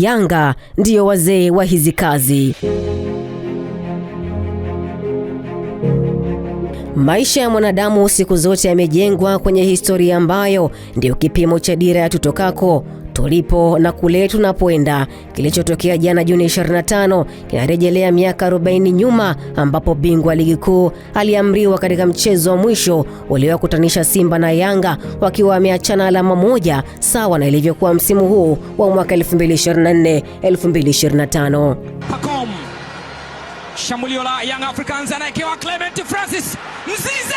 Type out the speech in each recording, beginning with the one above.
Yanga ndiyo wazee wa hizi kazi. Maisha ya mwanadamu siku zote yamejengwa kwenye historia ambayo ndiyo kipimo cha dira ya tutokako tulipo na kule tunapoenda. Kilichotokea jana Juni 25 kinarejelea miaka 40 nyuma, ambapo bingwa ligi kuu aliamriwa katika mchezo wa mwisho uliowakutanisha Simba na Yanga wakiwa wameachana alama moja, sawa na ilivyokuwa msimu huu wa mwaka 2024 2025. shambulio la Young Africans anaekewa Clement Francis Mzize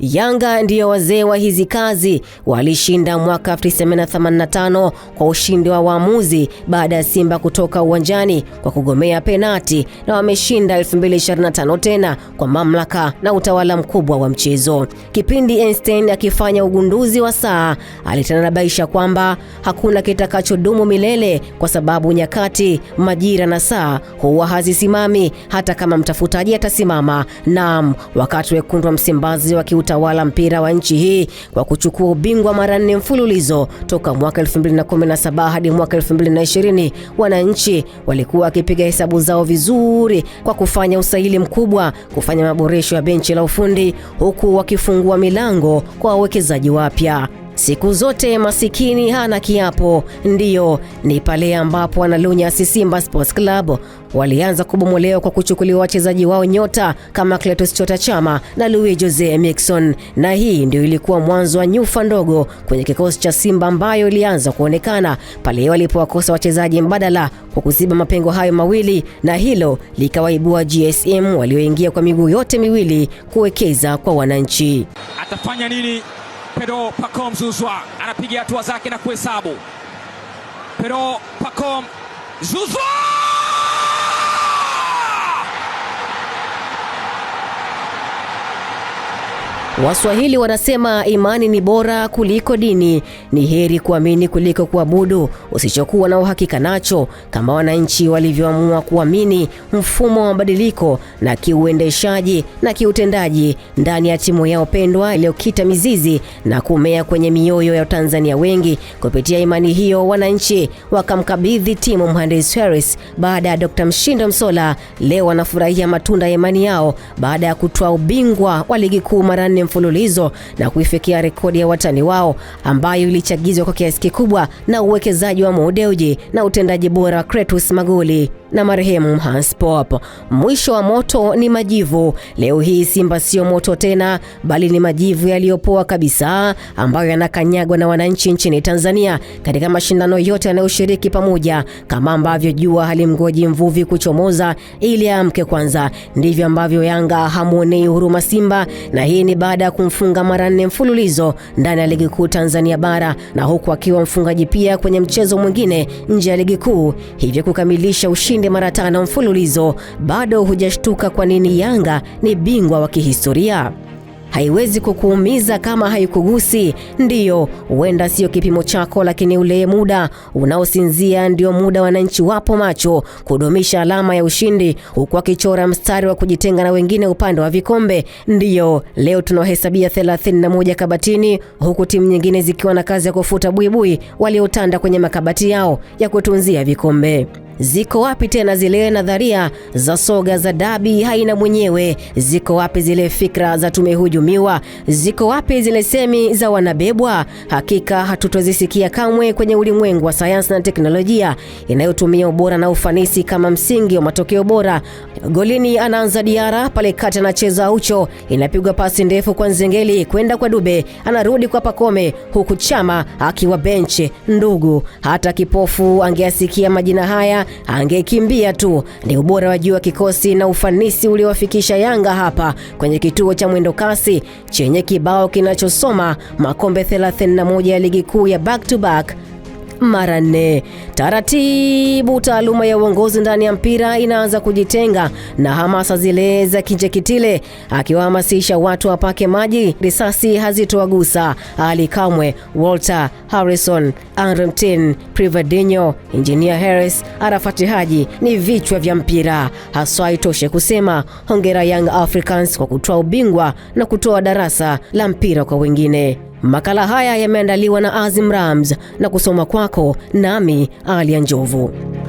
Yanga ndiyo wazee wa hizi kazi, walishinda mwaka 1985 kwa ushindi wa waamuzi baada ya Simba kutoka uwanjani kwa kugomea penati, na wameshinda 2025 tena kwa mamlaka na utawala mkubwa wa mchezo. Kipindi Einstein akifanya ugunduzi wa saa, alitanabaisha kwamba hakuna kitakachodumu milele, kwa sababu nyakati, majira na saa huwa hazisimami, hata kama mtafutaji atasimama. Naam, wakati wekundu wa Msimbazi wa kutawala mpira wa nchi hii kwa kuchukua ubingwa mara nne mfululizo toka mwaka 2017 hadi mwaka 2020. Wananchi walikuwa wakipiga hesabu zao vizuri kwa kufanya usahili mkubwa, kufanya maboresho ya benchi la ufundi, huku wakifungua milango kwa wawekezaji wapya. Siku zote masikini hana kiapo. Ndiyo, ni pale ambapo wanalunyasi Simba Sports Club walianza kubomolewa kwa kuchukuliwa wachezaji wao nyota kama Clatous Chota Chama na Luis Jose Miquissone, na hii ndio ilikuwa mwanzo wa nyufa ndogo kwenye kikosi cha Simba ambayo ilianza kuonekana pale walipowakosa wachezaji mbadala kwa kuziba mapengo hayo mawili, na hilo likawaibua GSM walioingia kwa miguu yote miwili kuwekeza kwa wananchi. Atafanya nini? pero Pacom Zuzwa anapiga hatua zake na kuhesabu. Pedro Pacom Zuzwa Waswahili wanasema imani ni bora kuliko dini. Ni heri kuamini kuliko kuabudu usichokuwa na uhakika nacho, kama wananchi walivyoamua kuamini mfumo wa mabadiliko na kiuendeshaji na kiutendaji ndani ya timu yao pendwa iliyokita mizizi na kumea kwenye mioyo ya Tanzania wengi. Kupitia imani hiyo, wananchi wakamkabidhi timu mhandisi Harris baada ya Dr. Mshindo Msola. Leo wanafurahia matunda ya imani yao baada ya kutoa ubingwa wa ligi kuu mara nne mfululizo na kuifikia rekodi ya watani wao ambayo ilichagizwa kwa kiasi kikubwa na uwekezaji wa Mo Dewji na utendaji bora wa Kretus Maguli na marehemu Hans Pop. Mwisho wa moto ni majivu. Leo hii Simba sio moto tena, bali ni majivu yaliyopoa kabisa ambayo yanakanyagwa na wananchi nchini Tanzania katika mashindano yote yanayoshiriki pamoja. Kama ambavyo jua halimgoji mvuvi kuchomoza ili aamke kwanza, ndivyo ambavyo Yanga hamuonei huruma Simba, na hii ni baada baada ya kumfunga mara nne mfululizo ndani ya ligi kuu Tanzania bara na huku akiwa mfungaji pia kwenye mchezo mwingine nje ya ligi kuu, hivyo kukamilisha ushindi mara tano mfululizo. Bado hujashtuka kwa nini Yanga ni bingwa wa kihistoria? haiwezi kukuumiza kama haikugusi. Ndiyo, huenda sio kipimo chako, lakini ule muda unaosinzia ndio muda wananchi wapo macho kudumisha alama ya ushindi, huku wakichora mstari wa kujitenga na wengine upande wa vikombe. Ndiyo, leo tunahesabia 31 kabatini, huku timu nyingine zikiwa na kazi ya kufuta buibui waliotanda kwenye makabati yao ya kutunzia vikombe. Ziko wapi tena zile nadharia za soga za dabi haina mwenyewe? Ziko wapi zile fikra za tumehujumiwa? Ziko wapi zile semi za wanabebwa? Hakika hatutozisikia kamwe kwenye ulimwengu wa sayansi na teknolojia inayotumia ubora na ufanisi kama msingi wa matokeo bora. Golini anaanza Diara, pale kati anacheza Ucho, inapigwa pasi ndefu kwa Nzengeli kwenda kwa Dube, anarudi kwa Pakome, huku Chama akiwa benchi. Ndugu, hata kipofu angeasikia majina haya angekimbia tu. Ni ubora wa juu wa kikosi na ufanisi uliowafikisha Yanga hapa kwenye kituo cha mwendo kasi chenye kibao kinachosoma makombe 31 ya ligi kuu ya back to back mara nne. Taratibu taaluma ya uongozi ndani ya mpira inaanza kujitenga na hamasa zile za kinjekitile, akiwahamasisha watu wapake maji, risasi hazitowagusa. Ali Kamwe, Walter Harrison, Anremtin Privadinho, Engineer Harris, Arafat Haji ni vichwa vya mpira haswa. Itoshe kusema hongera Young Africans kwa kutoa ubingwa na kutoa darasa la mpira kwa wengine. Makala haya yameandaliwa na Azim Rams na kusoma kwako nami Alia Njovu.